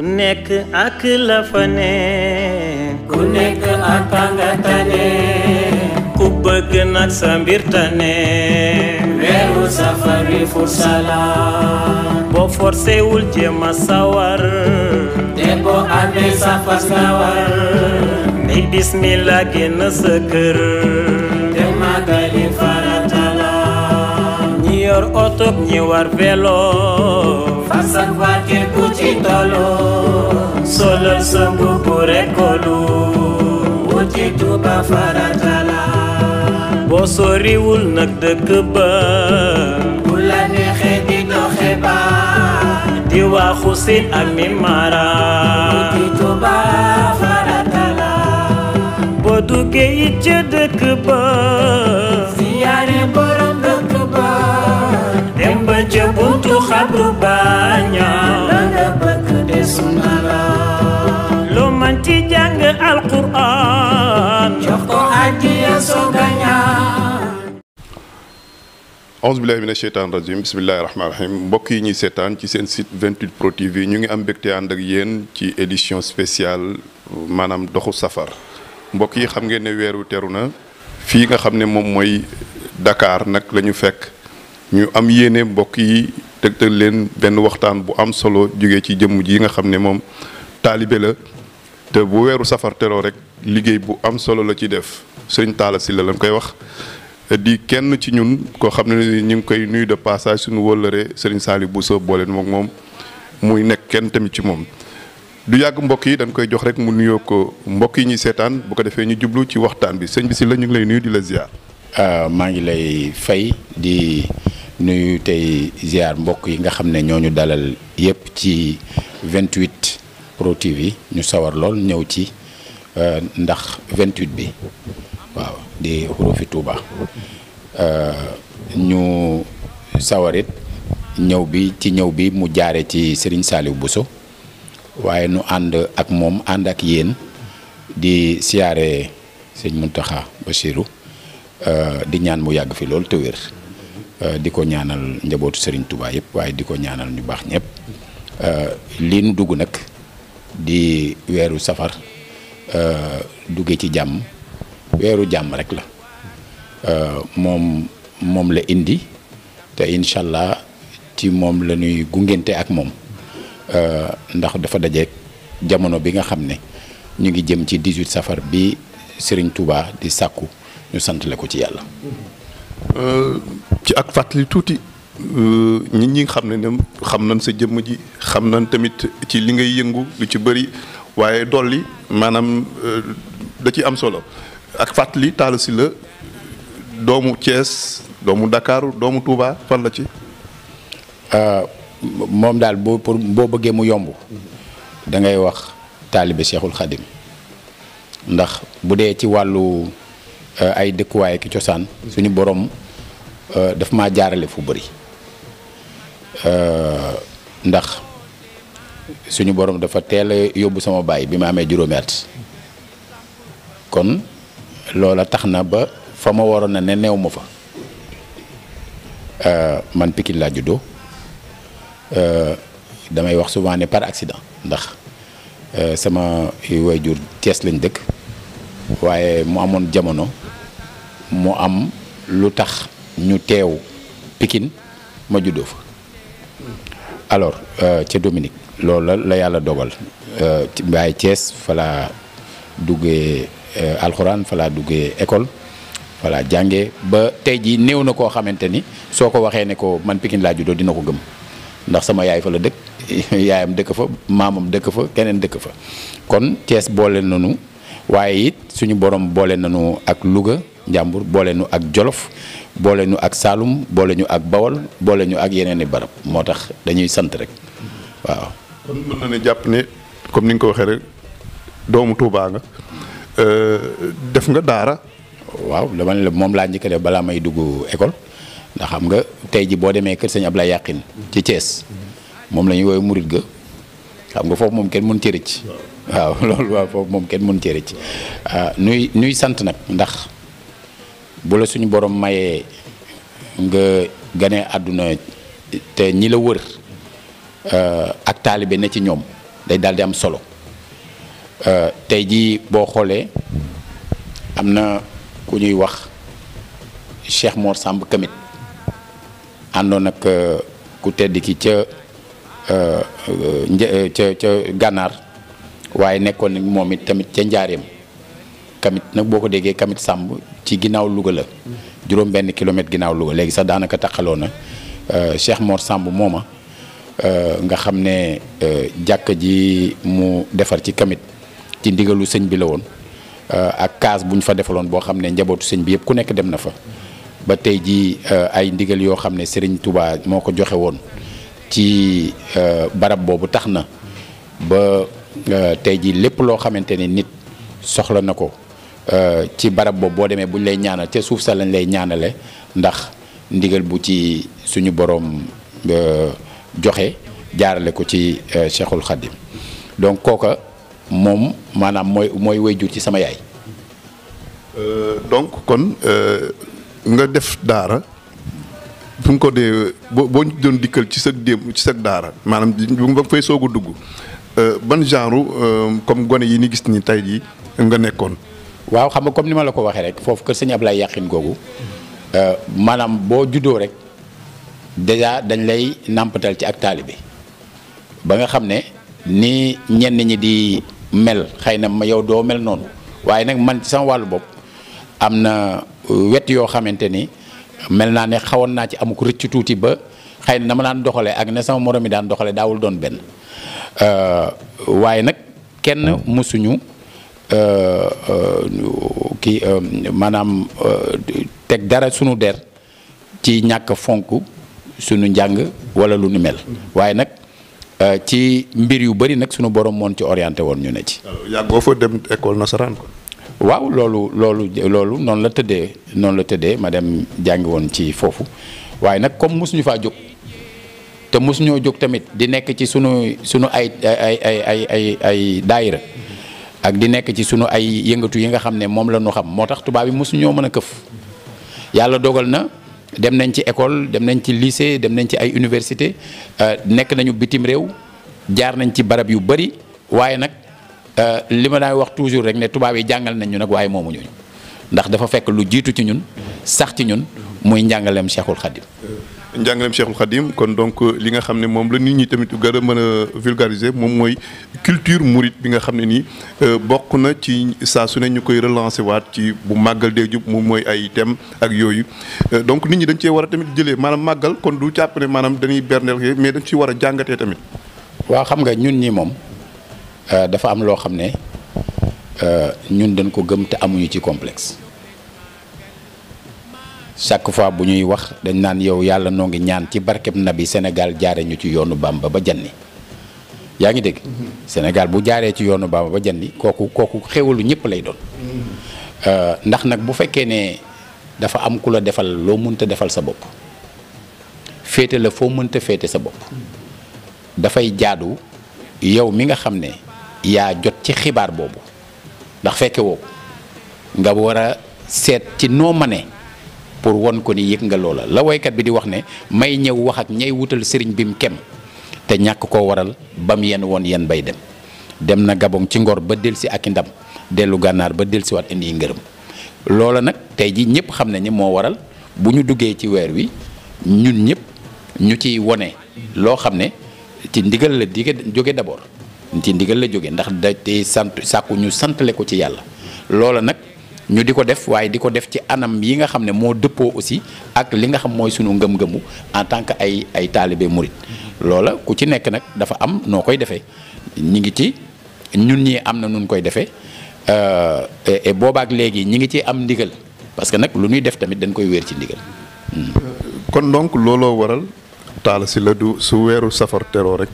ku nekk ak la fa ne ku nekk ak nga tane ku bëgg nag sa mbir tane weeru safar wi fursa boo forcé wul jéem a sawar te boo amee sa fas nga war ni bismillah génn sa kër te màggali farata la ñi yor oto ñi war vélo ak sa barke ku ci tolloo solal sa mbubu rekk kolu wuti nag dëkk ba bu la neexee di doxe ba di waxu sin ak mi mara wuti Tuuba farata la boo duggee it ca dëkk ba siyaare borom ca la nga bëgg desu jox ko addiya soo gaña auzu billahi mina sheytaan rajim bismillahi rahmaani rahim mbokk yi ñuy seetaan ci seen site 28 pro tv ñu ngi am mbégte ànd ak yéen ci édition spéciale maanaam doxu safar mbokk yi xam ngeen ne weeru teru na fii nga xam ne moom mooy dakaar nag lañu fekk ñu am yéene mbokk yi tegtal leen benn waxtaan bu am solo jógee ci jëmm ji nga xam ne moom taalibe la te bu weeru safar tero rek liggéey bu am solo la ci def taala si la lañ koy wax di kenn ci ñun koo xam ne ñu ngi koy nuyu de passage suñu wëllëree sëriñ Saliou Bousso booleen moom moom muy nekk kenn tamit ci moom du yàgg mbokk yi dañ koy jox rek mu nuyoo ko mbokk yi ñuy seetaan bu ko defee ñu jublu ci waxtaan bi sëñ bi si la ñu ngi lay nuyu di la ziar. Ah, maa ngi lay fay di. nuyu tey ziar mbokk yi nga xam ne ñoo ñu dalal yépp ci vingt 28 Pro TV ñu sawar lool ñëw ci euh, ndax 28 bi waaw di xurufi Tuuba euh, ñu sawarit ñëw bi ci ñëw bi mu jaare ci Serigne bu Bousso waaye nu ànd ak moom ànd ak yéen di siyaare sëñ Mountakha Bassirou euh, di ñaan mu yàgg fi lool te wér Euh, di ko ñaanal njabootu Serigne Touba yëpp waaye di ko ñaanal ñu baax ñépp euh, lii nu dugg nag di weeru safar euh, duggee ci jàmm weeru jàmm rek la moom moom la indi te incha allah ci moom la ñuy gungente ak moom ndax dafa daje jamono bi nga xam ne ñu ngi jëm ci 18 safar bi sëriñ Touba di sàkku ñu santale ko ci yàlla. ci ak fàttali tuuti euh, ñi ñi xam ne ne xam nañ sa jëmm ji xam na tamit ci li ngay yëngu lu ci bari waaye dolli maanaam euh, da ci am solo ak fàttali taalu si la doomu Thiès doomu ndakaaru doomu tuubaa fan la ci. Euh, moom daal boo pour boo bëggee mu yomb dangay wax taalibe Cheikhul Khadim ndax bu dee ci wàllu. Euh, ay dëkkuwaay ki cosaan suñu borom euh, daf maa jaarale fu bëri euh, ndax suñu boroom dafa teel a yóbbu sama baay bi ma amee juróomi at kon loola tax na ba fa ma waroon na ne neew ma fa man Pikine laa juddoo damay wax souvent ne par accident ndax sama jur Thiès lañ dëkk waaye mu amoon jamono mu am lu tax ñu teew pikin ma juddoo fa alors euh, ca Dominique loolu la yàlla dogal waaye euh, Thiès fa laa duggee euh, alxuraan falaa laa duggee école voilà jànge ba tey jii néew na koo xamante ni soo ko waxee ne ko man pikin laa juddoo dina ko gëm ndax sama yaay fala la dëkk yaayam dëkk fa maamam dëkk fa keneen dëkk fa kon cees boole nañu waaye it suñu borom boole nañu ak Louga njàmbur boole nu ak jolof boole ñu ak saalum boole ñu ak bawol boole ñu ak yeneen i barab moo tax dañuy sant rek waaw. kon na ne jàpp ne comme ni nga ko waxee rek doomu Touba nga euh, def nga daara. waaw dama ne la moom laa njëkk def balaa may dugg école ndax xam nga tey ji boo demee kër sëñ Ablaye Yàqin ci cees moom la ñuy woowee murit ga xam nga foofu moom kenn mun cee rëcc waaw loolu foofu moom kenn mën cee rëcc ah, nuy nuy sant nag ndax. bu la suñu borom mayee nga gane àdduna te ñi la wër euh, ak taalibe na ci ñoom day daldi am solo euh, tey jii boo xoolee am na ku ñuy wax Cheikh Mor Samb Kamit àndoon ak euh, ku tedd ki ca ca ca gànnaar waaye nekkoon nañ moom it tamit ca njaareem kamit nag boo ko déggee kamit sàmb ci ginnaaw Louga la juróom benn kilomètre ginnaaw Louga léegi sax daanaka taxaloo na euh, Cheikh Mor Samb mooma euh, nga xam ne euh, jàkka ji mu defar ci kamit ci ndigalu sëñ bi la woon ak kaas bu fa defaloon boo xam ne njabootu sëñ bi yëpp ku nekk dem na fa ba tey ji ay ndigal yoo xam ne sëriñ Touba moo ko joxe woon ci barab boobu tax na ba tey ji lépp loo xamante ne nit soxla na ko Euh, ci barab boobu boo demee bu ñu lay ñaanal ca suuf sa lañ lay ñaanale ndax ndigal bu ci suñu boroom euh, joxe jaarale ko ci euh, Cheikhul Khadim donc kooka moom maanaam mooy mooy wayjur ci sama yaay. donc kon nga def daara bu ko dee boo boo ñu doon dikkal ci sa démb ci sa daara maanaam bu nga fay soog a dugg ban genre comme gone yi ni gis ni tey jii nga nekkoon. waaw xam nga comme ni ma la ko waxee rek foofu kër sëñ Ablaye Yàqin googu euh, maanaam boo juddoo rek déjà dañ lay nàmpatal ci ak taalibe ba nga xam ne ni ñenn ñi di mel xëy na ma yow doo mel noonu waaye nag man ci sama wàllu bopp am na euh, wet yoo xamante ni mel naa ne xawoon naa ci amuk rëcc tuuti ba xëy na ma daan doxalee ak na sama morom yi daan doxalee daawul doon benn euh, waaye nag kenn mësuñu Euh, euh, kii euh, maanaam teg dara sunu der ci ñàkk fonk sunu njàng wala lu nu mel waaye nag ci mbir yu bari nag sunu borom moon ci orienté woon ñu ne ci. yàggoo fa dem école nasaraan waaw loolu loolu loolu noonu la tëddee noonu la tëddee ma dem jàngi woon ci foofu waaye nag comme mosuñu faa jóg te mosuñoo jóg tamit di nekk ci sunu sunu ay ay ay ay ay ak di nekk ci sunu ay yëngatu yi nga xam ne moom la ñu xam moo tax tubaab yi mosu ñoo mën a këf yàlla dogal na dem nañ ci école dem nañ ci lycée dem nañ ci ay université euh, nekk nañu bitim réew jaar nañ ci barab yu bëri waaye nag euh, li ma daan wax toujours rek ne tubaab yi jàngal nañ ñu nag waaye moomu ñu ndax dafa fekk lu jiitu ci ñun sax ci ñun muy njàngalem Cheikhul Khadim njàngaleem Cheikhul Khadim kon donc euh, li nga xam ne moom la nit ñi tamit gën a mën a vulgariser moom mooy culture mouride bi nga xam ne nii euh, bokk na ci saa su ne ñu koy relancer waat ci bu màggal dee jub moom mooy ay thème ak yooyu euh, donc nit ñi dañ cee war a tamit jëlee maanaam màggal kon du jàpp ne maanaam dañuy berndeel mais dañ ci war a jàngatee tamit. waaw xam nga ñun nii moom dafa am loo xam ne ñun dañ ko gëm te amuñu ci complexe. chaque fois bu ñuy wax dañ naan yow yàlla noo ngi ñaan ci barkeb nabi Sénégal jaare ñu ci yoonu Bamba ba ba janni yaa ngi dégg Sénégal bu jaaree ci yoonu Bamba ba janni kooku kooku xéwalu ñëpp lay doon euh, ndax nag bu fekkee ne dafa am ku la defal loo mënta defal sa bopp féete la foo mënta féete sa bopp dafay jaadu yow mi nga xam ne yaa jot ci xibaar boobu ndax fekke woo ko nga war a seet ci noo mane pour won ko ni yëg nga loola la woykat bi di wax ne may ñëw wax ak ñay wutal sëriñ bi mu kem te ñàkk koo waral ba mu yenn woon yenn bay dem dem na Gabon ci ngor ba delsi ak i ndam dellu gànnaar ba delsi waat indi ngërëm loola nag tey ji ñëpp xam ni moo waral bu ñu duggee ci weer wi ñun ñëpp ñu ciy wone loo xam ne ci ndigal la di jóge d'abord ci ndigal la jóge ndax da tey sant sàkku ñu santale ko ci yàlla loola nag ñu di ko def waaye di ko def ci anam yi nga xam ne moo dëppoo aussi ak li nga xam mooy sunu ngëm-ngëmu en tant que ay ay taalibe murit loola ku ci nekk nag dafa am noo koy defee ñi ngi ci ñun ñii am na nun koy defee euh, et boobaak léegi ñi ngi ci am ndigal parce que nag lu ñuy def tamit dañ koy wéer ci ndigal hmm. kon donc looloo waral taala si la du su weeru safar teroo rek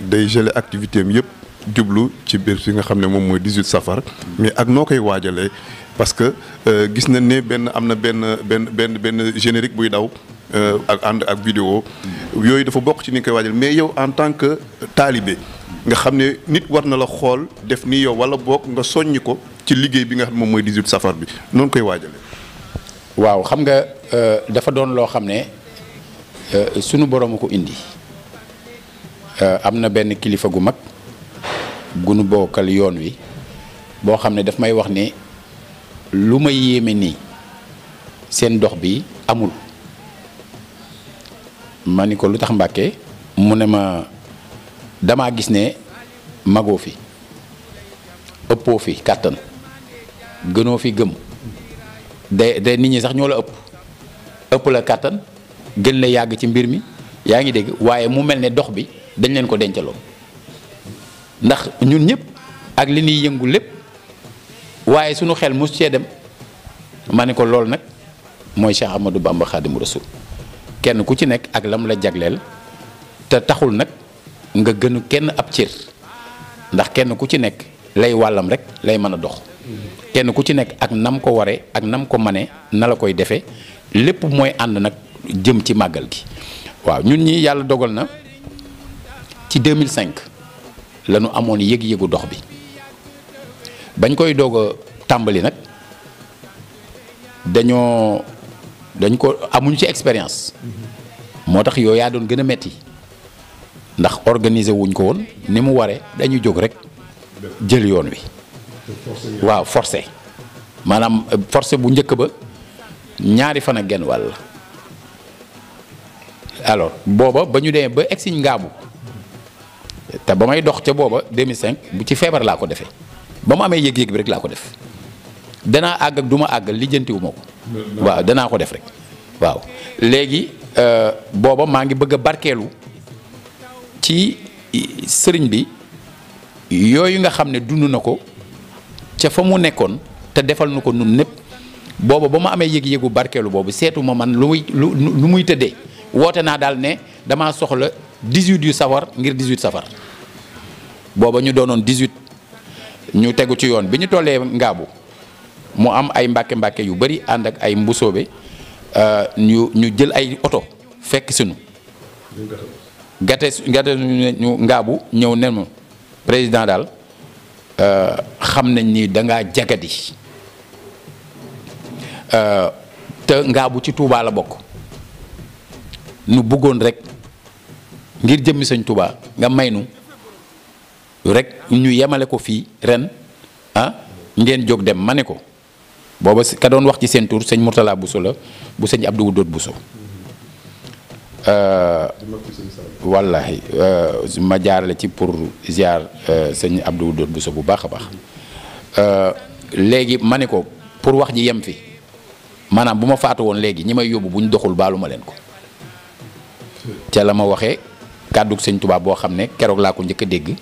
day gelé activité am yëpp jublu ci biir fi nga xam ne moom mooy 18 safar hmm. mais ak noo koy waajale parce que euh, gis nañ ne benn am na benn benn benn benn générique buy daw euh, ak ànd ak vidéo yooyu dafa bokk ci ni koy waajal mais yow en tant que taalibe nga xam ne nit war na la xool def ni yow wala bokk nga soññ ko ci liggéey bi nga xam moom mooy 18 safar bi noonu koy waajale waaw xam nga euh, dafa doon loo xam ne sunu borom ko indi am na benn kilifa gu mag gunu bokkal yoon wi boo xam ne daf may wax ni lu ma yéeme nii seen dox bi amul ma ni ko lu tax Mbàkke mu ne ma dama gis ne magoo fi ëppoo fi kàttan gënoo fi gëm day day nit ñi sax ñoo la ëpp ëpp la kàttan gën la yàgg ci mbir mi yaa ngi dégg waaye mu mel ne dox bi dañ leen ko dencaloo ndax ñun ñëpp ak li ñuy yëngu lépp waaye sunu xel mu cee dem ma ni ko loolu nag mooy Cheikh Ahmadou Bamba Xaadimu Rasuul kenn ku ci nekk ak lam la jagleel te taxul nag nga gënu kenn ab cër ndax kenn ku ci nekk lay wàllam rek lay mën a dox kenn ku ci nekk ak nam ko waree ak nam ko manee na la koy defee lépp mooy ànd nag jëm ci màggal gi waaw ñun ñi yàlla dogal na ci 2005 la ñu amoon yëg-yëgu dox bi bañ koy doog tàmbali nag dañoo dañ ko amuñ ci expérience moo tax yooyu yaa doon gën a metti ndax organiser wuñ ko woon ni mu waree dañu jóg rek jël yoon wi waaw forcé maanaam forcé bu njëkk ba ñaari fan ak genn wàll alors booba ba ñu demee ba egsiñ ngaabu te ba may dox ca booba 2005 bu ci feebar laa ko defee ba mu amee yëg-yëg bi rek laa ko def danaa àgg ak du ma àgg lijjantiwu ma ko. waaw danaa ko def rek. waaw léegi euh, booba maa ngi bëgg a barkeelu ci sëriñ bi yooyu nga xam ne dund na ko ca fa mu nekkoon te defal nu ko nun népp booba ba mu amee yëg-yëgu barkeelu boobu seetuma man lu muy lu muy tëddee woote naa daal ne damaa soxla 18 yu safar ngir 18 safar booba ñu doonoon 18. ñu tegu ci yoon bi ñu tollee ngaabu mu am ay mbàkke mbàkke yu bari ànd ak ay mbusoobe euh, ñu ñu jël ay oto fekk sunu gate gate ñu ngaabu ñëw nenu ma président daal euh, xam nañ ni dangaa jagadi euh, te ngaabu ci Touba la bokk nu buggoon rek ngir jëmmi sëñ Touba nga may nu rek ñu yemale ko fii ren ah ngeen jóg dem ma ne ko booba ka doon wax ci seen tur sëñ Mourtala Bousso la bu sëñ Abdou Wadoud Bousso euh, wallahi euh, ma jaarale ci pour ziar euh, sëñ Abdou Wadoud Bousso bu baax a baax léegi ma ne ko pour wax ji yem fi maanaam bu ma faatu woon léegi ñi may yóbbu bu ñu doxul baalu ma leen ko ca la ma waxee kàddug sëñ Tuubaa boo xam ne keroog laa ko njëkk a dégg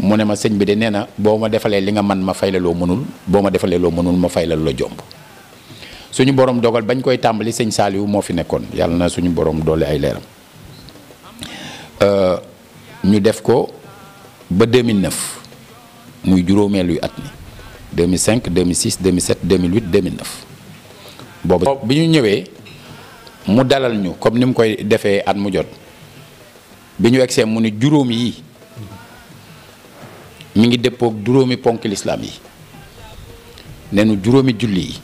mu ne ma sëñ bi de nee na boo ma defalee li nga man ma fay la loo mënul boo ma defalee loo mënul ma fay la la jomb suñu borom dogal bañ koy tàmbali sëñ Saaliwu moo fi nekkoon yàlla na suñu borom doole ay leeram euh, ñu def ko ba 2009 muy juróomeelu at mi 2005 2006 2007 2008 2009 boobu bi ñu ñëwee mu dalal ñu comme ni mu koy defee at mu jot bi ñu egsee mu ne juróom yi mi ngi dëppook juróomi ponk lislaam yi neenu juróomi julli yi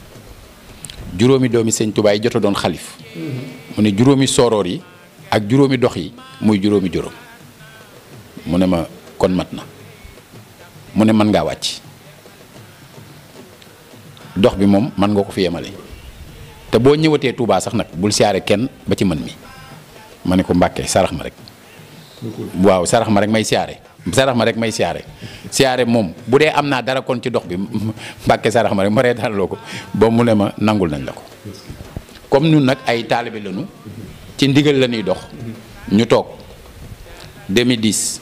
juróomi doomi sëñ Tuubaa yi jot a doon xalif mu ne juróomi sooroor yi ak juróomi dox yi muy juróomi juróom mu ne ma kon mat na mu ne mën ngaa wàcc dox bi moom mën nga ko fi yemale te boo ñëwatee Touba sax nag bul siyaare kenn ba ci mën mi ma ne ko Mbàkke sarax ma rek waaw sarax ma rek may siyaare sarax ma rek may siyaare siyaare moom bu dee am naa dara kon ci dox bi mbàkke sarax ma rek ma daal loo ko ba mu ne ma nangul nañ la ko comme ñun nag ay taalibe lañu ci ndigal la ñuy dox ñu toog 2010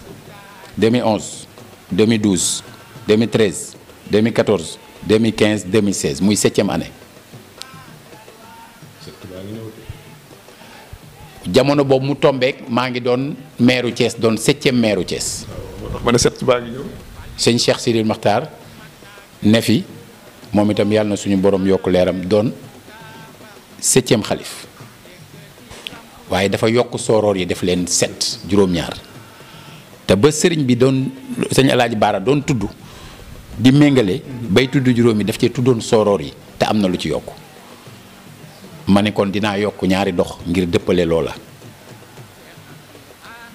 2011 2012 2013 2014 2015 2016 muy septième année jamono boobu mu tombeek maa ngi doon meeru Thiès doon septième meeru Thiès ma ne set baa ngi ñëw. ne fi moom itam yàlla na suñu boroom yokk leeram doon septième xalif waaye dafa yokk sooroor yi def leen set juróom-ñaar te ba sëriñ bi doon sëñ Alaaji Baara doon tudd di méngale bay tudd juróom yi daf cee tuddoon sooroor yi te am na lu ci yokk ma ne kon dinaa yokk ñaari dox ngir dëppale loola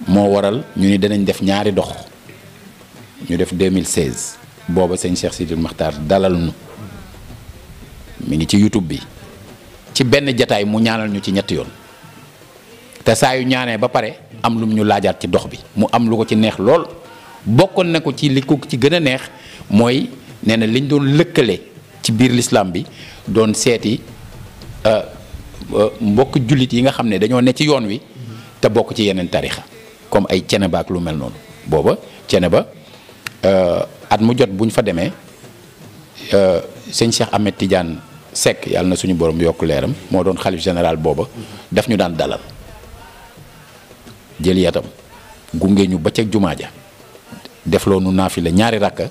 moo waral ñu ni danañ def ñaari dox ñu def 2016 booba sëñ Cheikh Sidil maxtar dalal nu mi ngi ci YouTube bi ci benn jataay mu ñaanal ñu ci ñetti yoon te saa yu ñaanee ba pare am lum ñu laajaat ci dox bi mu am lu ko ci neex lool bokkoon na ko ci li ci gën a neex mooy nee na liñ doon lëkkale ci biir lislaam bi doon seeti euh, euh, mbokk jullit yi nga xam ne dañoo ne ci yoon wi te bokk ci yeneen tarixa comme ay cene lu mel noonu booba cene ba Euh, at mu jot bu ñu fa demee euh, sëñ Cheikh Ahmed Tidiane sekk yàlla na suñu borom yokk leeram moo doon xalif général booba daf ñu daan dalal jël yatam gunge ñu ba ca jumaa ja defloo nu naafi la ñaari rakka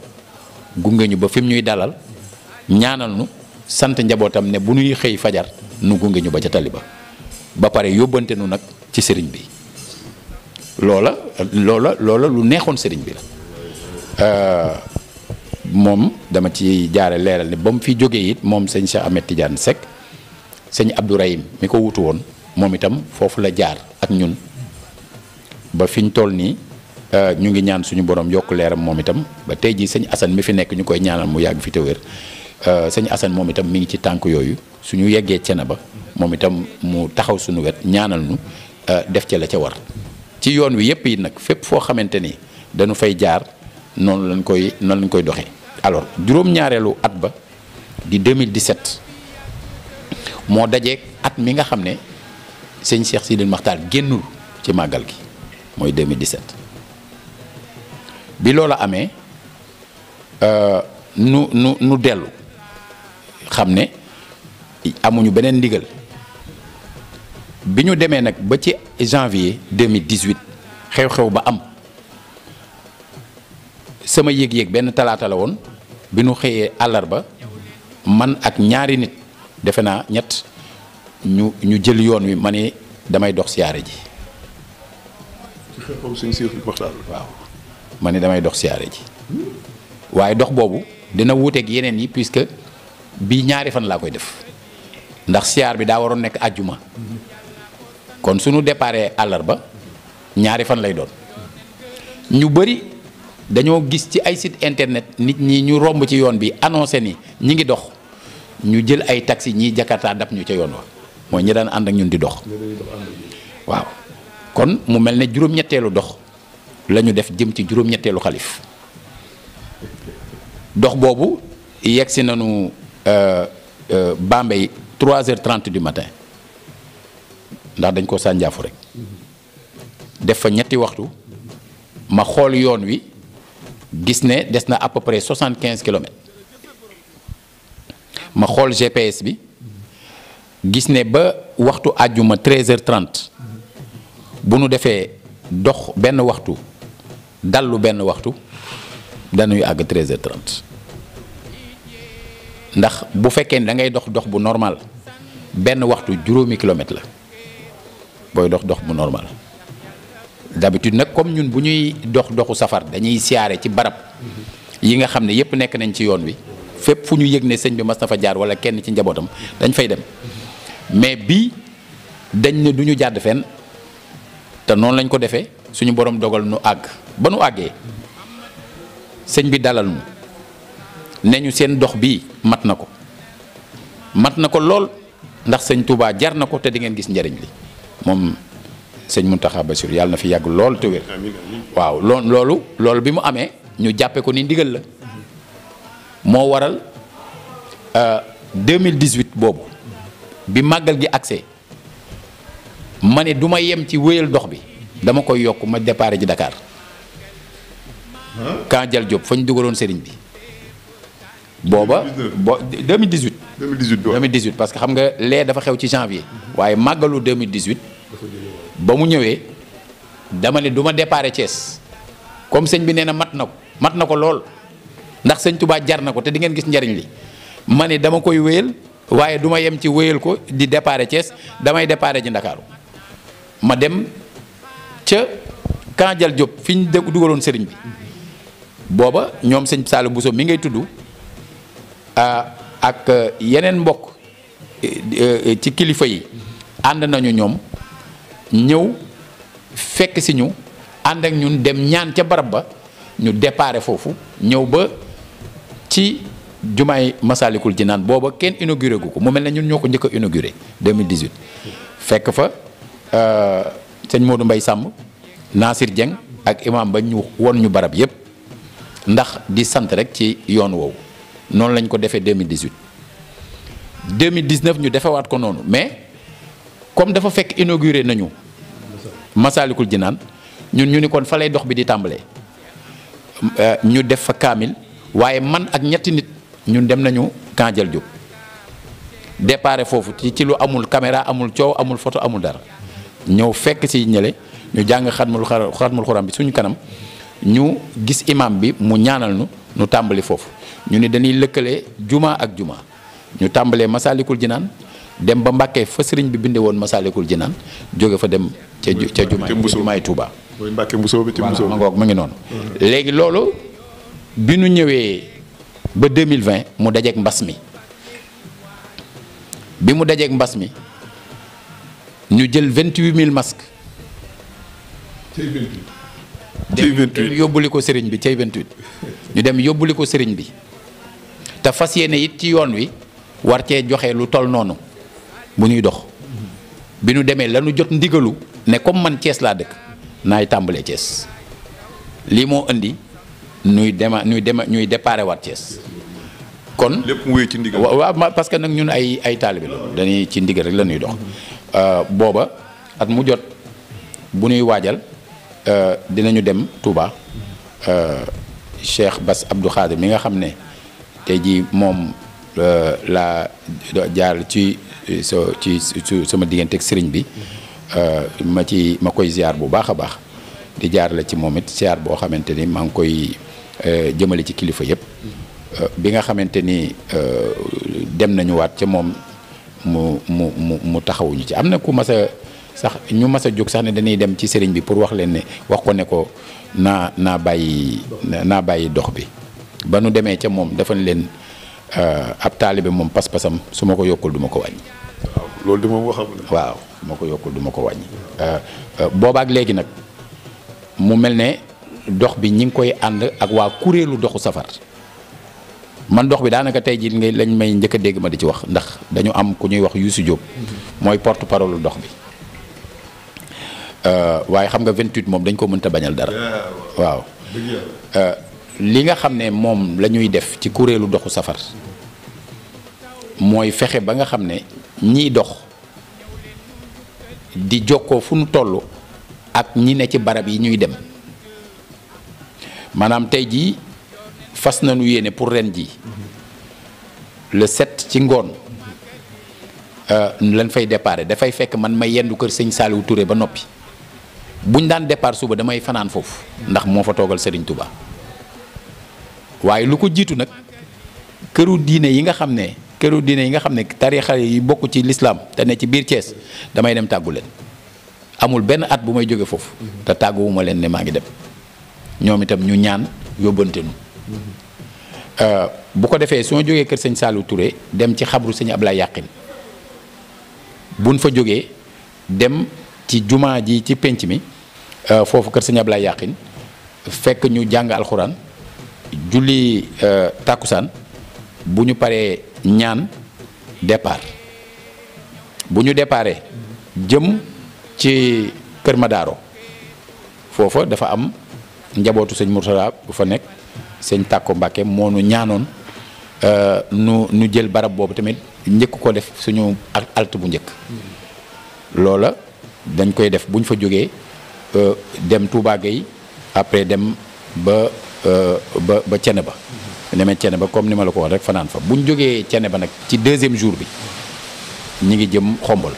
gunge ñu ba fi ñuy dalal ñaanal nu sant njabootam ne bu ñuy xëy fajar nu gunge ñu ba ca taliba ba pare yóbbante nu nag ci sëriñ bi loola loola loola lu neexoon sëriñ bi la Euh, moom dama ci jaare leeral ne ba mu fi jógee it moom sëñ Cheikh Ahmed Tidiane Seck sëñ Abdou Rahim mi ko wutu woon moom itam foofu la jaar ak ñun ba fi ñu toll nii euh, ñu ngi ñaan suñu borom yokk leeram moom itam ba tey jii sëñ Assane mi fi nekk ñu koy ñaanal mu yàgg fi te wér euh, sëñ Assane moom itam mi ngi ci tànk yooyu suñu yeggee cene ba moom itam mu taxaw suñu wet ñaanal nu def ca la ca war ci yoon wi yépp yi nag fépp foo xamante ni dañu fay jaar. noonu lañ koy noonu lañ koy doxee alors juróom-ñaareelu at ba di 2017 moo dajeeg at mi nga xam ne sëñ si Sidil Maxtaar génnul ci màggal gi mooy 2017 bi loola amee euh, nu nu nu dellu xam ne amuñu beneen ndigal bi ñu demee nag ba ci janvier 2018 xew-xew ba am sama yéeg-yéeg benn talaata la woon bi nu xëyee àllarba man ak ñaari nit defe naa ñett ñu jël yoon wi ma ne damay dox siyaare ji. waaw ma ne damay dox ji waaye dox boobu dina wuuteeg yeneen yi puisque bii ñaari fan laa koy def ndax siyaar bi daa waroon nekk àjjuma kon suñu déparé àllarba ñaari fan lay doon ñu bëri. dañoo gis ci ay site internet nit ñi ñu romb ci yoon bi annoncé ni ñi ngi dox ñu jël ay taxi ñii jakartaa dab ñu ca yoon wa mooy ñi daan ànd ak ñun di dox waaw kon mu mel ne juróom-ñetteelu dox la ñu def jëm ci juróom-ñetteelu xalif dox boobu yegg si nañu euh, euh, Bambey 3h30 du matin ndax dañ ko sànjaafu rek mm-hmm. def fa ñetti waxtu ma xool yoon wi gis ne des na à peu près soixante quinze kilomètres ma xool GPS bi gis ne ba waxtu àjjuma treize heures bu nu defee dox benn waxtu dallu benn waxtu dañuy àgg treize ndax bu fekkee ne da ngay dox dox bu normal benn waxtu juróomi kilomètre la booy dox dox bu normal. d'habitude nag comme ñun bu ñuy dox doxu safar dañuy siyaare ci barab yi nga xam ne yëpp nekk nañ ci yoon wi fépp fu ñu yëg ne sëñ bi mas na fa jaar wala kenn ci njabootam dañ fay dem mais bii dañ ne duñu ñu jàdd fenn te noonu lañ ko defee suñu borom dogal nu àgg ba nu àggee sëñ bi dalal nu ne ñu seen dox bii mat na ko mat na ko lool ndax sëñ tuubaa jar na ko te di ngeen gis njariñ li moom. sëñ Mountakha Bassirou yàlla na fi yàgg lool te wér waaw loo loolu loolu bi mu amee ñu jàppe ko ni ndigal la moo waral 2018 euh, boobu bi màggal gi agsee ma ne du ma yem ci wéyal dox bi dama koy yokk ma départ ji Dakar Camp Dial Diop fa ñu dugaloon sëriñ bi booba bo parce que xam nga lee dafa xew ci janvier mm-hmm. waaye màggalu 2018 ba mu ñëwee dama ne duma ma déparé comme sëñ bi nee na mat na ko mat na ko lool ndax sëñ Touba jar na ko te di ngeen gis njariñ li ma ne dama koy wéyal waaye du ma yem ci wéyal ko di déparé Thiès damay déparé ci Ndakaaru ma dem ca Kanjal Diop fi ñu dugaloon sëriñ bi booba ñoom sëñ Saalum Bousso mi ngay tudd ah, ak eh, yeneen mbokk eh, eh, ci kilifa yi ànd nañu ñoom ñëw fekk si ñu ànd ak ñun dem ñaan ca barab ba ñu déparé foofu ñëw ba ci jumaay Masaalikul naan booba kenn inauguré gu ko mu mel na ñun ñoo ko njëkk a inauguré 2018 fekk fa euh, sëñ Modou Mbaye Samb Nasir Dieng ak imam ba ñu won ñu barab yépp ndax di sant rek ci yoon woowu noonu lañ ko defee 2018 2019 ñu defewaat ko noonu mais. comme dafa fekk inauguré nañu Massalikul Jinaan ñun ñu ni kon fa dox bi di tàmbalee euh, ñu def fa kaamil waaye man ak ñetti nit ñun dem nañu Kandial Diop déparé foofu ci ci lu amul caméra amul coow amul photo amul dara ñëw fekk ci ñële ñu jàng xatmul xatmul bi suñu kanam ñu gis imam bi mu ñaanal nu nu tàmbali foofu ñu ni dañuy lëkkale juma ak juma ñu tàmbalee Massalikul Jinaan dem ba Mbàkke fa sëriñ bi bindee woon Masaalikul naan jóge fa dem ca ca jumaay jumaay Tuuba mooy Mbàkke Mbusoo bi voilà ma ngoog mu ngi noonu léegi loolu bi nu ñëwee ba 2020 mu dajeeg mbas mi bi mu dajeeg mbas mi ñu jël 28000 masques cey 28 yóbbuli ko sëriñ bi cey 28 ñu dem yóbbuli ko sëriñ bi te fas yéene it ci yoon wi war cee joxe lu tol noonu bu ñuy dox bi ñu demee la ñu jot ndigalu ne comme man Thiès laa dëkk naay tàmbalee Thiès lii moo indi ñuy dema ñuy dema ñuy déparé waat cees kon lépp mu wéy ci que nag ñun ay ay taalibe dañuy ci ndigal rek la ñuy dox euh, booba at mu jot bu ñuy waajal euh, dinañu dem Touba euh, Cheikh Bass Abdou Khadir mi nga xam ne te ji moom Euh, laa jaar ci so ci sama diggante ak sëriñ bi euh, ma ci ma koy ziar bu baax a baax di jaar la ci moom it ziar boo xamante ni maa ngi koy euh, jëmale ci kilifa yëpp bi nga xamante ni dem nañu waat ca moom mu mu mu taxawuñu ci am na ku mas a sax ñu mas a jóg sax ne dañuy dem ci sëriñ bi pour wax leen ne wax ko ne ko naa naa bàyyi naa bàyyi dox bi ba nu demee ca moom dafa leen Euh, ab taalibe moom pas-pasam su ma ko yokkul duma ko wàññi. waaw loolu waaw su ko yokkul du ko wàññi. Euh, euh, boobaak léegi nag mu mel ne dox bi ñi ngi koy ànd ak waa kuréelu doxu safar man dox bi daanaka tey jii ngay lañ may njëkk a dégg ma di ci wax ndax dañu am ku ñuy wax Youssou Diop. Mm-hmm. mooy porte parole dox bi. waaye xam nga 28 moom dañ ko mënta bañal dara. waaw. li nga xam ne moom la ñuy def ci kuréelu doxu safar mooy fexe ba nga xam ne ñiy dox di jokkoo fu nu toll ak ñi ne ci barab yi ñuy dem maanaam tey jii fas nañu yéene pour ren ji le set ci ngoon euh, lan fay départ dafay fekk man ma yendu kër sëñ Saliou ture ba noppi buñ daan départ suba damay fanaan foofu ndax moo fa toogal Serigne Touba. waaye lu ko jiitu nag këru diine yi nga xam ne këru diine yi nga xam ne tarixa yi bokk ci lislaam te ne ci biir Thiès damay dem tàggu leen amul benn at bu may jóge foofu te tàgguwuma leen ne maa ngi dem ñoom itam ñu ñaan yóbbante nu euh, bu ko defee su ma jógee kër sëñ saalu Touré dem ci xabru sëñ Ablaye Yàqin buñ fa jógee dem ci jumaa ji ci pénc mi euh, foofu kër sëñ Ablaye Yàqin fekk ñu jàng alxuraan julli euh, tàkkusaan bu ñu paree ñaan départ bu ñu déparé jëm ci Kër Madaro foofa dafa am njabootu sëñ Mourtada bu fa nekk sëñ Tàkko Mbàkke moo nu ñaanoon euh, nu nu jël barab boobu tamit njëkk ko def suñu ak alt bu njëkk loola dañ koy def bu ñu fa jógee euh, dem Touba yi après dem ba Euh, ba ba cene ba nemee cene ba comme ni ma la ko wax rek fanaan fa bu ñu jógee cene ba nag ci deuxième jour bi ñu ngi jëm xombol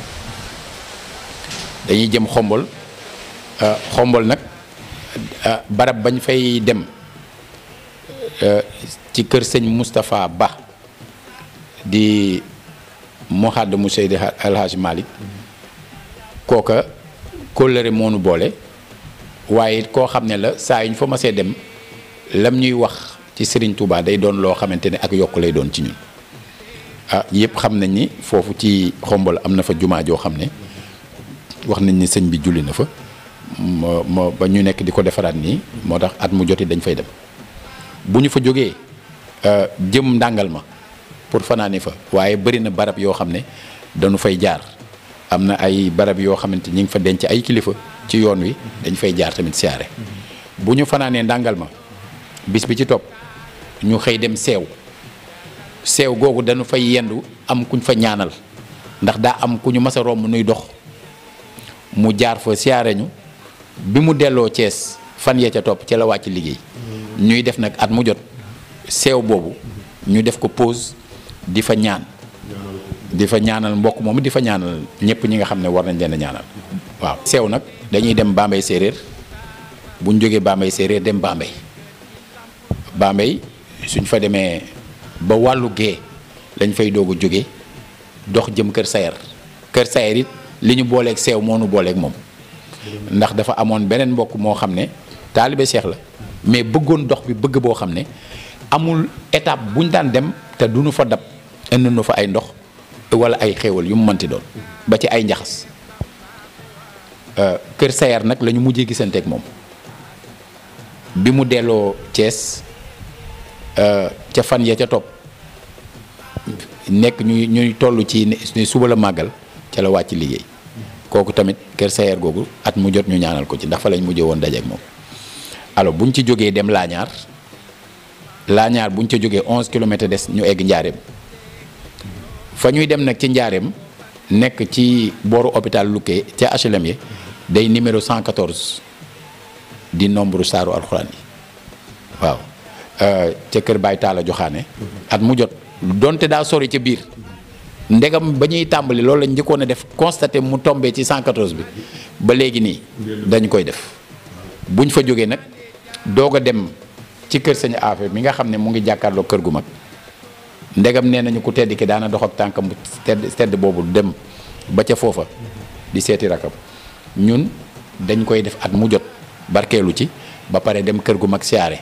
dañuy jëm xombol euh, xombol nag euh, barab bañ fay dem ci kër sëñ Moustapha Ba di Mouhadamou Seydi El Hadj Malick kooka kóllëre moonu boole waaye koo xam ne la saa yu ñu fa masee dem lam ñuy wax ci Serigne Touba day doon loo xamante ne ak yokk lay doon ci ñun ah yëpp xam nañ ni foofu ci xombal am na fa jumaa joo xam ne wax nañ ni sëñ bi julli na fa ma ba ñu nekk di ko defaraat nii moo tax at mu joti dañ fay dem bu ñu fa jógee euh, jëm ndàngal ma pour fanaani fa waaye bëri na barab yoo xam ne dañu fay jaar am na ay barab yoo xamante ñi ngi fa denc ay kilifa ci yoon wi dañ fay jaar tamit siyaare bu ñu fanaanee ndàngal ma bis bi ci topp ñu xëy dem seew seew googu dañu fay yendu am kuñ fa ñaanal ndax daa am ku ñu mas a romb nuy dox mu jaar fa siyaare ñu bi mu delloo Cees fan yee ca topp ci la wàcc liggéey ñuy def nag at mu jot seew boobu ñu def ko pose di fa ñaan di fa ñaanal mbokk moom di fa ñaanal ñëpp ñi nga xam ne war nañ leen ñaanal waaw seew nag dañuy dem Bambey séeréer bu ñu jógee Bambey séeréer dem Bambey Bambey suñ fa demee ba wàllu gee lañ fay doog a jóge dox jëm Kër Sayar Kër Sayar it li ñu booleeg seew moo nu booleeg moom ndax dafa amoon beneen mbokk moo xam ne taalibe Cheikh la mais bëggoon dox bi bëgg boo xam ne amul étape bu ñu daan dem te du nu fa dab indi nu fa ay ndox wala ay xéewal yu mu mënti doon ba ci ay njaxas euh, Kër Sayar nag la ñu mujjee gisanteeg moom bi mu delloo Thiès Euh, ca fan ya ca topp nekk ñuy ñuy toll ci ne suba la màggal ca la wàcc liggéey kooku tamit kër Sayer googu at mu jot ñu ñaanal ko ci ndax fa lañ mujjee woon dajeeg moom. alors buñ ci jógee dem Laañaar Laañaar buñ ca jógee 11 kilomètres des ñu egg Njaareem fa ñuy dem nag ci Njaareem nekk ci booru hôpital Lukke ca HLM yi day numéro 114 di nombre saaru alxuraan yi waaw. ca kër Baye taala Joxaane at mu jot donte daa sori ca biir ndegam ba ñuy tàmbali loolu lañ njëkkoon a def constaté mu tombee ci 114 bi ba léegi nii dañ koy def buñ fa jógee nag doog dem ci kër sañu affaire mi nga xam ne mu ngi jàkkaarloo kër gu mag ndegam nee nañu ku tedd ki daana dox ak tànkam tedd tedd boobu dem ba ca foofa di seeti rakam ñun dañ koy def ak mu jot barkeelu ci ba pare dem kër gu mag siyaare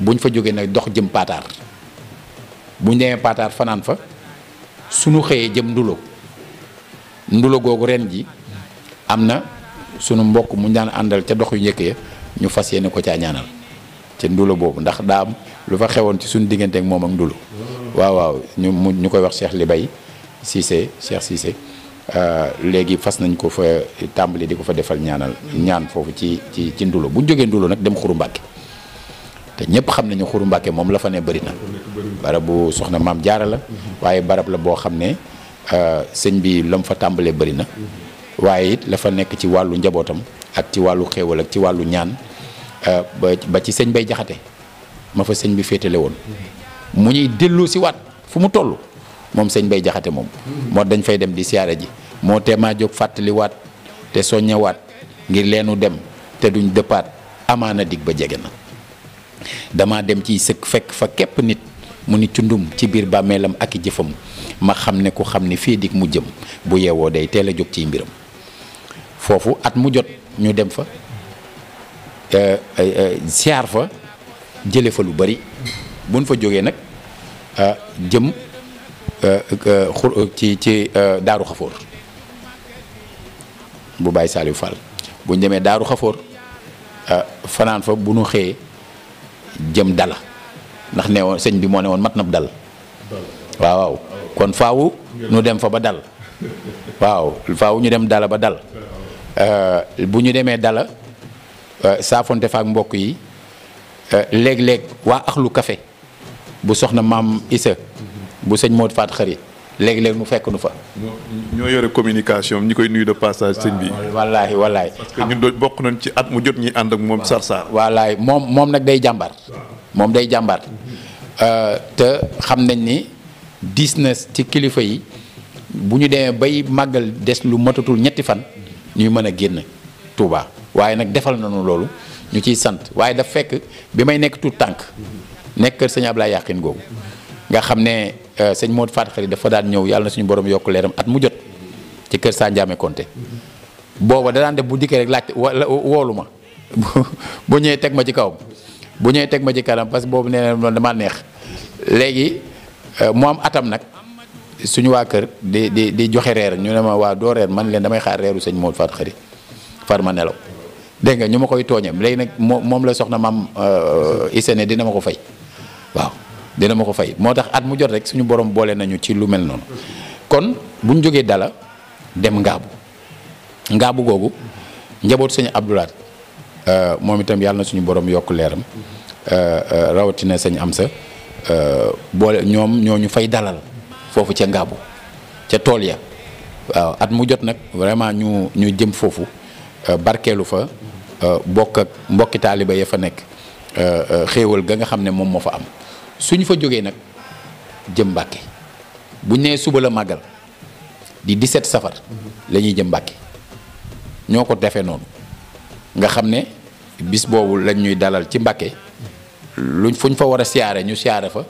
buñ fa jógee nag dox jëm paataar buñ demee paataar fanaan fa suñu xëyee jëm ndulo ndulo googu ren ji am na sunu mbokk mu daan àndal ca dox yu njëkk ya ñu fas yéene ko caa ñaanal ca ndulo boobu ndax daa am lu fa xewoon ci suñu digganteek moom ak ndulo waaw waaw ñu mu ñu koy wax li bay Cissé Cheikh Cissé euh, léegi fas nañ ko fa tàmbali di ko fa defal ñaanal ñaan foofu ci ci ci ndulo bu ñu jógee ndulo nag dem xuru te ñëpp xam nañu xuru Mbàkke moom la fa ne bëri na barabu soxna maam jaara la waaye barab la boo xam ne euh, sëñ bi lam fa tàmbalee bëri na waaye it la fa nekk ci wàllu njabootam ak ci wàllu xéewal ak ci wàllu ñaan euh, ba ci sëñ bay jaxate ma fa sëñ bi féetale woon mu ñuy dellu si waat fu mu toll moom sëñ bay jaxate moom moo dañ fay dem di siyaare ji moo te maa jóg fàttaliwaat te soññewaat ngir leenu dem te duñ dëppaat amaana digg ba jege na dama dem ci sëkk fekk fa kepp nit mu ni cundum ci biir bàmmeelam ak i jëfam ma xam ne ku xam ni fii dik mu jëm bu yeewoo day teel a jóg ciy mbiram foofu at mu jot ñu dem fa siyaar euh, fa jële fa lu bari buñ fa jógee nag euh, jëm euh, xur ci ci daaru xafoor bu bàyyi Saliou Fall bu ñu demee daaru xafoor fanaan fa bu nu xëyee jëm dala ndax nee sëñ bi moo ne woon mat na bu dal waaw waaw kon faawu ñu dem fa ba dal waaw faawu ñu dem dala ba dal euh, bu ñu demee dala euh, saafonte fa ak mbokk yi euh, léeg-léeg waa axlu café bu soxna maam Issa bu sëñ Modou Faat xarit léegi-léeg mu fekk nu fa. ñoo yore communication ñi koy nuyu de passage. sëñ bi wallahi wallahi parce que ñun bokk nañ ci at mu jot ñi ànd ak moom. sarsar wallahi moom moom nag day jàmbar. moom day jàmbar. Mm-hmm. Euh, te xam nañ ni diis na ci kilifa yi bu ñu demee bay màggal des lu matatul ñetti fan ñuy mën a génn Touba waaye nag defal nanu loolu ñu ciy sant waaye daf fekk bi may nekk tuut tànk nekk kër sëñ Ablaye Yàqin googu nga xam ne. Euh, sëñ Modou Fatou Khary dafa daan ñëw yàlla na suñu borom yokk leeram at mu jot ci kër saa Sandiame Konte booba da daan def bu dikk rek laajte woolu ma bu ñëwee teg ma ci kawam bu ñëwee teg ma ci kanam parce que boobu nee na dama neex léegi euh, mu atam nag suñu waa kër di di di joxe reer ñu ne ma waa doo man leen damay xaar sëñ Modou Fatou Khary far ma nelaw dégg nga ñu ma koy tooñam léegi nag moom la soxna maam euh, Isene dina ma ko fay waaw. dina ma ko fay moo tax at mu jot rek suñu borom boole nañu ci lu mel noonu kon bu ñu jógee dala dem ngaabu ngaabu googu njabootu sëñ Abdoulaat euh, moom itam yàlla na suñu borom yokk leeram euh, euh, rawatina sëñ Amsa boole ñoom ñoo ñu fay dalal foofu ca ngaabu ca tool ya waaw at mu jot nag vraiment ñu ñu jëm foofu barkeelu fa bokk mbokki taaliba ya fa nekk xéewal ga nga xam ne moom moo fa am suñ fa jógee nag jëm Mbàkke buñ nee suba la màggal di 17 safar la ñuy jëm Mbàkke ñoo ko defee noonu nga xam ne bis boobu lañ ñuy dalal ci Mbàkke luñ fuñ fa war a siyaare ñu siyaare fa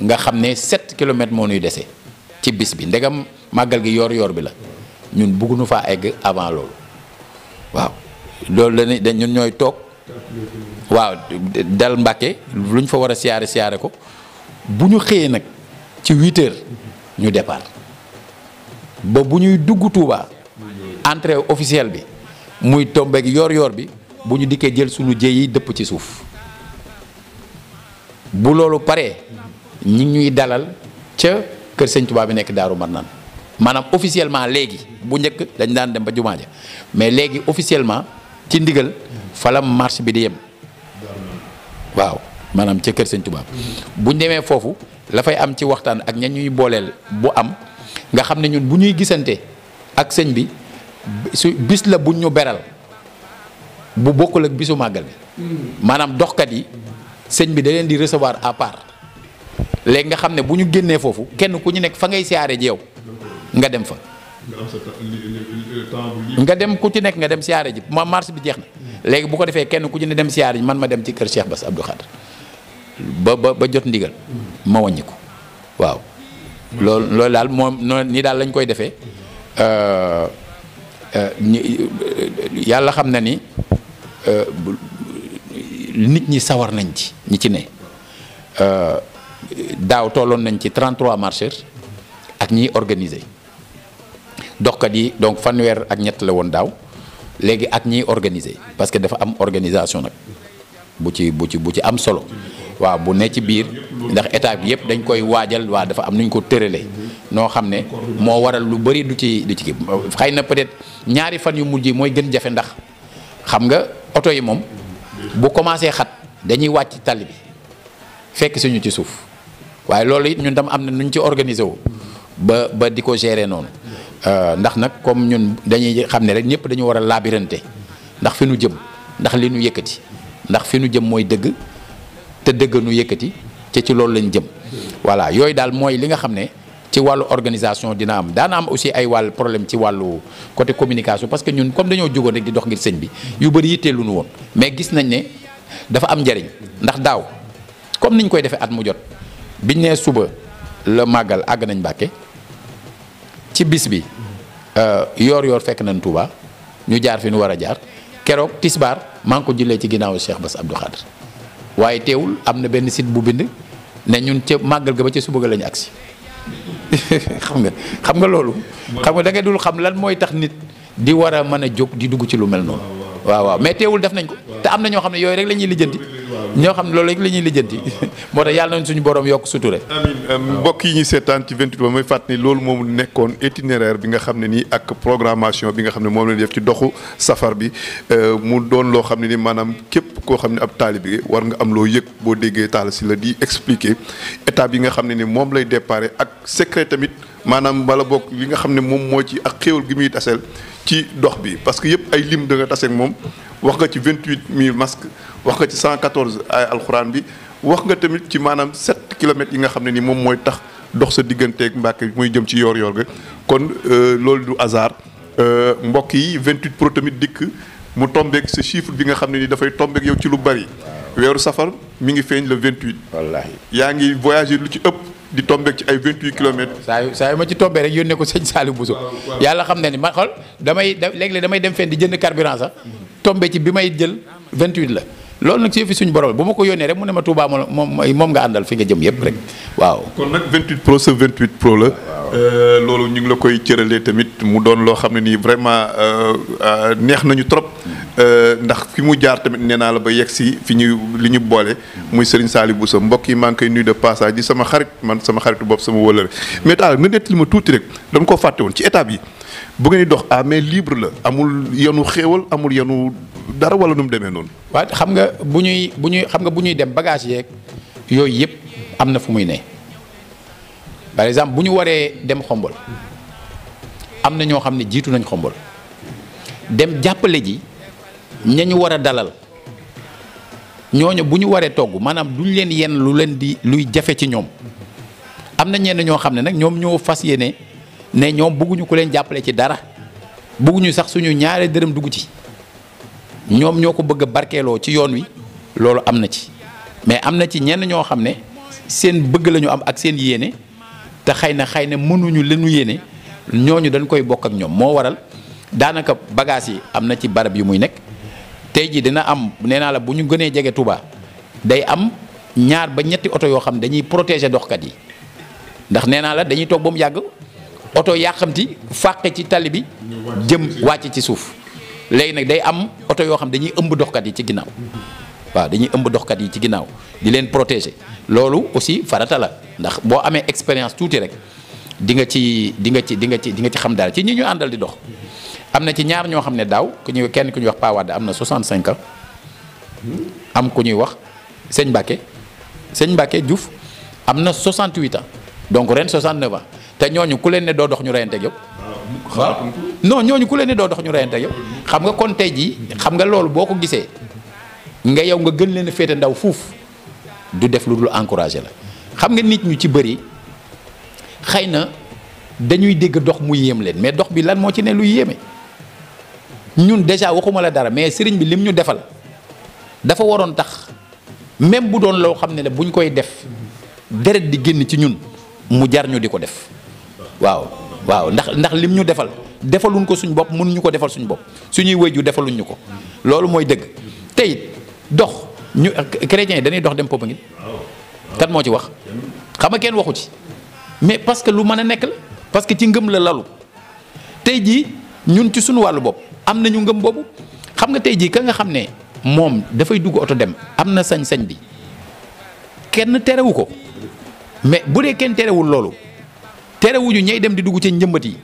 nga xam ne 7 kilomètres moo nuy dese ci bis bi ndegam màggal gi yoor yoor bi la ñun bëgguñu faa egg avant loolu waaw loolu la ñun ñooy toog waaw dal Mbàkke lu ñu fa war a siyaare siyaare ko bu ñu xëyee nag ci huit ñu départ ba bu ñuy dugg Touba entrée officielle bi muy tombeeg yoor yoor bi bu ñu dikkee jël suñu jëy yi dëpp ci suuf bu loolu paree ñi ñuy dalal ca kër sañ Touba bi nekk Daaru Marnaan maanaam officiellement léegi bu njëkk dañ daan dem ba jumaa ja mais léegi officiellement ci ndigal fa la bi di yem. waaw maanaam ca kër sëñ Tuubaa bu ñu demee foofu lafay am ci waxtaan ak ña ñuy booleel bu am nga xam ne ñun bu ñuy gisante ak sëñ bi su bis la buñ ñu beral bu bokkul ak bisu màggal bi hmm. maanaam doxkat yi sëñ bi da leen di recevoir à part léegi nga xam ne bu ñu génnee foofu kenn ku ñu nekk fa ngay siyaare ji yow nga dem fa nga dem ku ci nekk nga dem siyaare ji ma marche bi jeex na léegi bu ko defee kenn ku ci dem siyaar yi man ma dem ci kër Cheikh Bass Abdou Khadre ba ba ba jot ndigal ma wàññi ko waaw. loolu loolu daal moom noonu nii daal lañ koy defee euh, euh, euh, yàlla xam na ni nit ñi sawar nañ ci ñi ci ne daaw tolloon nañ ci 33 marcheurs ak ñiy organiser doxkat yi donc fanweer ak ñett la woon daaw. léegi ak ñiy organiser parce que dafa am organisation nag bu ci bu ci bu ci am solo waaw bu ne ci biir ndax état bi yëpp dañ koy waajal waa dafa am nu ko tëralee noo xam ne moo waral lu bëri du ci du ci kii xëy na peut-être ñaari fan yu mujj yi mooy gën jafe ndax xam nga oto yi moom bu commencé xat dañuy wàcc tali bi fekk suñu ci suuf waaye loolu it ñun tam am na nuñ ci organiser wu ba ba di ko gérer noonu. Euh, ndax nag comme ñun dañuy xam ne rek ñëpp dañu war a laabirante ndax fi nu jëm ndax li nu yëkkati ndax fi nu jëm mooy dëgg te dëgg nu yëkkati te ci loolu lañ jëm voilà yooyu daal mooy li nga xam ne ci wàllu organisation dina am daana am aussi ay wàll problème ci wàllu côté communication parce que ñun comme dañoo jugoon rek di dox ngir sëñ bi yu bëri yitteelu nu woon mais gis nañ ne dafa am njariñ ndax daaw comme niñ koy defee at mu jot biñ nee suba la màggal àgg nañ Mbàkke ci bis bi euh, yoor yoor fekk nañ Touba ñu jaar fi nu war a jaar keroog tisbaar maa ngi ko jullee ci ginnaawu Cheikh Bass Abdou Khadre waaye teewul am na benn sit bu bind ne ñun ca màggal ga ba ca suba ga la ñu agsi xam nga xam nga loolu. xam nga da ngay dul xam lan mooy tax nit di war a mën a jóg di dugg ci lu mel noonu. waaw waaw mais teewul def nañ ko te am na ñoo xam ne yooyu rek la ñuy lijjanti ñoo xam ne loolu rek la ñuy lijjanti moo tax yàlla nañ suñu borom yokk suture amiin euh, mbokk yi ñu seetaan ci 28 ba may fàttali loolu moom nekkoon itinéraire bi nga xam ne nii ak programmation bi nga xam ne moom lañu def ci doxu safar bi euh, mu doon loo xam ne ni maanaam képp koo xam ne ab taalib bi war nga am loo yëg boo déggee taal si la di expliqué état bi nga xam ne ni moom lay déparé ak secret tamit maanaam bala bokk li nga xam ne moom moo ci ak xéewal gi muy taseel ci dox bi parce que yëpp ay lim da nga taseeg moom wax nga ci 28000 masques wax nga ci 114 ay alxuraan bi wax nga tamit ci maanaam 7 kilomètres yi nga xam ne nii moom mooy tax dox sa digganteeg Mbàkke muy jëm ci yoor-yoor ga kon euh, loolu du hasard euh, mbokk yi 28 pro tamit dikk mu tombeek sa chiffre bi nga xam ne ni dafay tombeek yow ci lu bari weeru safar mu ngi feeñ le 28. wallaahi yaa ngi voyagé lu ci ëpp. di tombé ci ay 28 kilomètres. saa yu saa yu ma ci tombé rek yónnee ko sëñ Saliou Bousso. yàlla xam ne ni man xool damay da léeg damay dem fenn di jënd carburant sax. tombé ci bi may jël vingt 28 la. loolu nag ci yëfi suñu borom bu ma ko yónnee rek mu ne ma Touba moom moom nga àndal fi nga jëm yëpp rek waaw. kon nag 28 pro sa 28 pro la. Euh, loolu ñu ngi la koy cëralee tamit mu doon loo xam ne nii vraiment euh, euh, neex nañu trop. Mm. Euh, ndax fi mu jaar tamit nee naa la ba yegg si fi ñuy li ñu boole muy Serigne Saliou Bousso mbokk yi maa ngi koy nuyu de passage di sama xarit man sama xaritu bopp sama wëllëre mais daal nga nettali ma tuuti rek dañ koo fàtte woon ci bu ngeen di dox à ah, main la amul yanu xéewal amul yanu dara wala nu mu demee noonu. waaw xam nga bu ñuy bu ñuy xam nga bu ñuy dem bagage yeeg yooyu yëpp am na fu muy ne par exemple bu ñu waree dem xombol am na ñoo xam ne jiitu nañ xombol dem jàppale ji ña ñu war a dalal ñooñu bu ñu waree togg maanaam duñ leen yenn lu leen di luy jafe ci ñoom am na ñenn ñoo xam ne nag ñoom ñoo fas yéene ne ñoom bëgguñu ko leen jàppale ci dara bëgguñu sax suñu ñaare dërëm dugg ci ñoom ñoo ko bëgg barkeeloo ci yoon wi loolu am na ci mais am na ci ñenn ñoo xam ne seen bëgg lañu am ak seen yéene te xëy na xëy na mënuñu leenu yéene ñooñu dañ koy bokk ak ñoom moo waral daanaka bagages yi am na ci barab yu muy nekk. tey jii dina am nee naa la bu ñu gënee jege tubaa day am ñaar ba ñetti oto yoo xam ne dañuy protéger doxkat yi ndax nee naa la dañuy toog ba mu yàgg oto yàqamti fàqe ci tali bi jëm wàcc ci suuf léegi nag day am oto yoo xam dañuy ëmb doxkat yi ci ginnaaw waaw dañuy ëmb doxkat yi ci ginnaaw di leen protéger loolu aussi farata la ndax boo amee expérience tuuti rek di nga ci di nga ci di nga ci di nga ci xam daal ci ñi ñu àndal di dox am na ci ñaar ñoo xam ne daaw ku ñuy kenn ku ñuy wax Pawadde am na 65 ans am ku ñuy wax sëñ Mbacke sëñ Mbacke juf am na 68 ans donc ren 69 ans te ñooñu ku leen ne doo dox ñu reyante ak yow. ñooñu ku leen doo dox ñu reyante ak yow xam nga kon tey jii xam nga loolu boo ko gisee nga yow nga gën leen féete ndaw fuuf du def lu dul encouragé la xam nga nit ñu ci bëri xëy na dañuy dégg dox mu yéem leen mais dox bi lan moo ci ne lu yéeme. ñun déjà waxuma la dara mais sëriñ bi lim ñu defal dafa waroon tax même bu doon loo xam ne ne buñ koy def deret di génn ci ñun mu jar ñu di ko def waaw waaw ndax ndax lim ñu defal defaluñ ko suñu bopp mënuñu ko defal suñu bopp suñuy wëju defaluñ defaluñu ko loolu mooy dëgg te dox ñu chrétiens yi dañuy dox dem Popenguine kat moo ci wax xam nga kenn waxu ci mais parce que lu mën a nekk la parce que ci ngëm la lalu tey jii ñun ci suñu wàllu bopp am nañu ngëm boobu xam nga tey jii ka nga xam ne moom dafay dugg oto dem am na sañ-sañ bi kenn terewu ko mais bu dee kenn terewul loolu terewuñu ñay dem di dugg ci njëmbat yi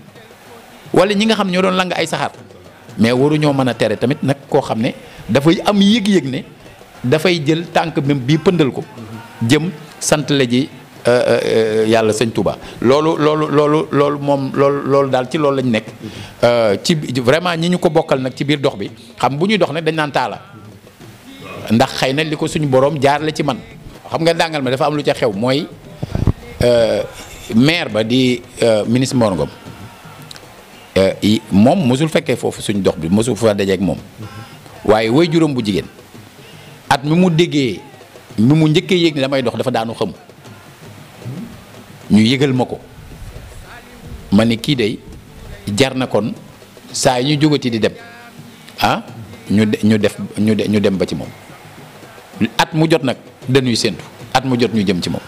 wala ñi nga xam ñoo doon lang ay saxaar mais waruñoo mën a tere tamit nag koo xam ne dafay am yëg-yëg ne dafay jël tànk bi bii pëndal ko jëm sant la ji Euh, euh, euh, yàlla sëñ Touba loolu loolu loolu loolu moom loolu loolu daal ci loolu lañ nekk ci vraiment ñi ñu ko bokkal nag ci biir dox bi xam bu ñuy dox nag dañ naan taala ndax xëy na li ko suñu borom jaar la ci man xam nga dàngal ma dafa am lu ca xew mooy maire ba di ministre Mor Ngom moom mosul fekkee foofu suñu dox bi mosul fa dajeeg moom waaye way juróom bu jigéen at mi mu déggee mi mu njëkkee yéeg ni damay dox dafa daanu xam ñu yëgal ma ko ma ni kii day jar na kon saa yi ñu jógati di dem ah ñu ñu def ñu dem ba ci moom at mu jot nag dañuy séntu at mu jot ñu jëm ci moom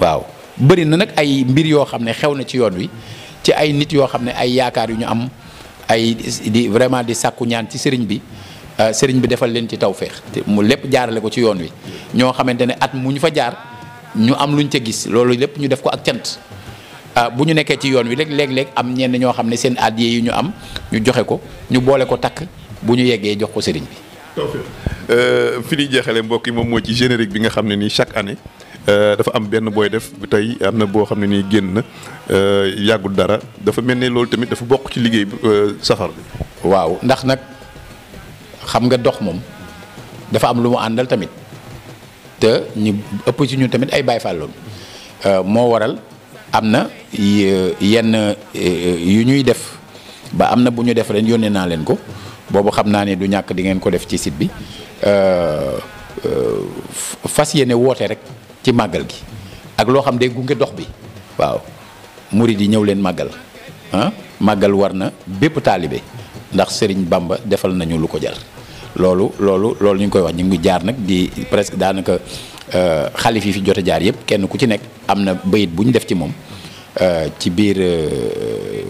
waaw bëri na nag ay mbir yoo xam ne xew na ci yoon wi ci ay nit yoo xam ne ay yaakaar yu ñu am ay di vraiment di sàkku ñaan ci sëriñ bi ah, sëriñ bi defal leen ci tawféex mu lépp jaarale ko ci yoon wi ñoo xamante ne at mu ñu fa jaar ñu am lu ñu ca gis loolu lépp ñu def ko ak cant ah, bu ñu nekkee ci yoon wi léeg léeg-léeg am ñenn ñoo xam ne seen addiya yi ñu am ñu joxe ko ñu boole ko takk bu ñu yeggee jox ko sëriñ bi. Euh, fi luy jeexalee mbokk yi moom moo ci générique bi nga xam ne nii chaque année euh, dafa am benn booy def tey am na boo xam ne ni génn na euh, yàggul dara dafa mel ne loolu tamit dafa bokk ci liggéey safar bi. waaw ndax nag xam nga dox moom dafa am lu mu àndal tamit. te ñu ëpp si ñu tamit ay Baay Faal euh, moo waral am na euh, yenn euh, yu ñuy def ba am na bu ñu def ren yónnee naa leen ko boobu xam naa ne du ñàkk di ngeen ko def ci site bi fas yéene woote rek ci màggal gi ak loo xam day gunge dox bi waaw murid yi ñëw leen màggal ah màggal war na bépp taalibe ndax Sëriñ Bamba defal nañu lu ko jar loolu loolu loolu ñu ngi koy wax ñu ngi jaar nag di presque daanaka euh, xalif yi fi jot jaar yëpp kenn ku ci nekk am na bayit bu ñu def ci moom euh, ci biir euh,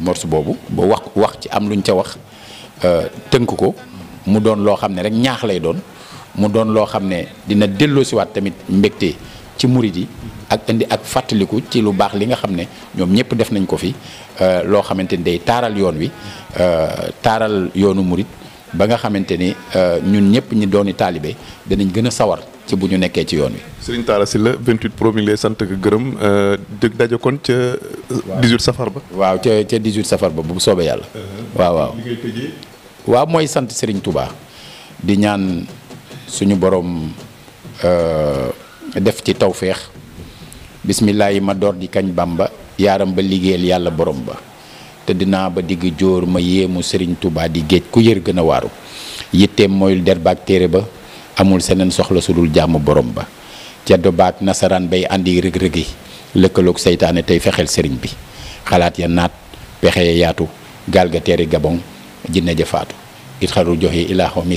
morceau boobu ba wax wax ci am lu ñu ca wax tënk ko mu doon loo xam ne rek ñaax lay doon mu doon loo xam ne dina delloosiwaat tamit mbégte ci murit yi ak indi ak fàttaliku ci lu baax li nga xam ne ñoom ñëpp def nañ ko fi loo xamante ni day taaral yoon wi taaral yoonu murit ba nga xamante ni euh, ñun ñëpp ñi dooni taalibe danañ gën a sawar ci bu ñu nekkee ci yoon wi. Serigne Talla Sylla 28 Pro mi ngi lay sant ak gërëm euh, dëgg daje kon ca. 18 safar ba. waaw ca ca 18 safar ba bu soobee yàlla. Uh-huh. waaw waaw mooy sant Serigne Touba di ñaan suñu boroom euh, def ci tawféex bismillah yi ma door di kañ Bamba yaaram ba liggéeyal yàlla borom ba. te dinaa ba digg jóor ma yéemu Serigne Touba di géej ku yër gën a waaru yitteem mooyul der baak téere ba amul seneen soxla sudul dul jàmm borom ba ceddo baak nasaraan bay àndi rëg-rëg yi lëkkaloog seytaane tey fexeel sëriñ bi xalaat ya naat pexe ya yaatu gaal ga teeri gabon jinne ja faatu it xaru jox yi ilaaho mi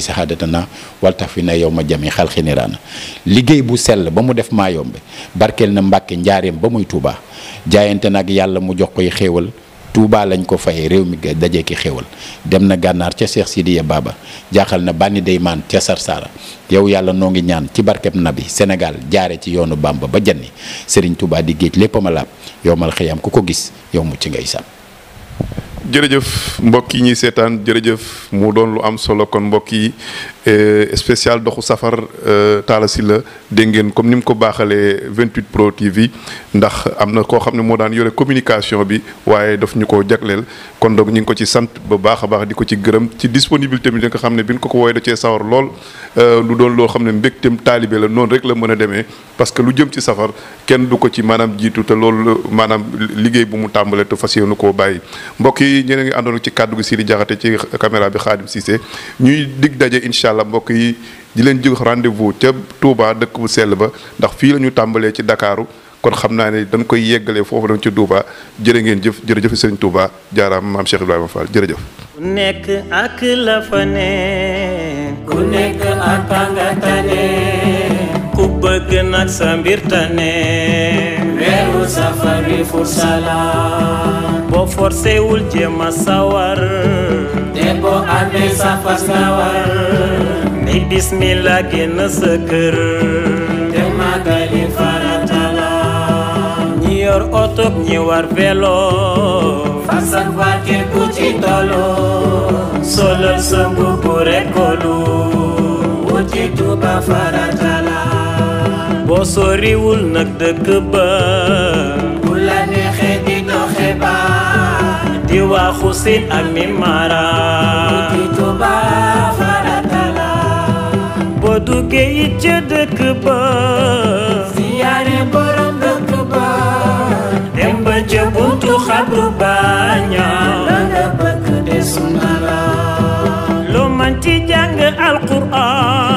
waltax fi na yow ma jami xal xiniraana liggéey bu sell ba mu def maa yombe barkeel na mbàkke njaareem ba muy tuubaa jaayante nag yàlla mu jox koy xéewal tuubaa lañ ko fayee réew mi dajee ki xéwal dem na gànnaar ca Cheikh Sidiya Baba jaaxal na bànni deymaan ca Sarsara yow yàlla noo ngi ñaan ci barkeb na bi Sénégal jaare ci yoonu baam ba ba janni Serigne Touba di géej lépp ma laab yow mal ku ko gis yow mucc ngay sàmm. jërëjëf mbokk ñuy seetaan jërëjëf mu doon lu am solo kon mbokk yi Euh, spécial doxu safar euh, Talla la dégg ngeen comme ni mu ko baaxalee 28 Pro TV ndax am na koo xam ne moo daan yore communication bi waaye daf ñu ko jagleel kon donc ñu ngi ko ci sant ba baax a baax di ko ci gërëm ci disponibilité bi nga xam ne bi ñu ko ko wooyee da cee sawar lool euh, lu doon loo xam ne mbégteem taalibee la noonu rek la mën a demee parce que lu jëm ci safar kenn du ko ci maanaam jiitu te loolu maanaam liggéey bu mu tàmbalee te fas yéenu koo bàyyi mbokk yi ñeneen ngi àndoon ci kàddu gi Siri Jaxate ci caméra bi Xaadim Cissé ñuy dig daje incha allah mbokk yi di leen jóg rendez-vous ca tuubaa dëkk bu sell ba ndax fii la ñu tàmbalee ci Ndakaaru kon xam naa ne dañ koy yeggalee foofu dañ ci Touba jërë ngeen jëf jërëjëf Sëriñ Touba jaaraam maam Cheikh Ibrahima Fall jërëjëf. ku nekk ak la fa ne. ku nekk ak tànga tane. ku bëgg nag sa mbir tane. weeru safar wi fursala. boo forcé wul a sawar. te boo amee sa fas nga war ni bismillah génn sa kër te màggali farata la ñi yor oto ñi war vélo fas ak wàcce ku ci tolloo solal sa mbubu rekolu wuti Tuuba farata la nag dëkk di waxu siin ak mi mara guddi Tuuba farata la boo duggee it ca dëkk ba siyaare borom dëkk ba dem ba ca buntu xabru ba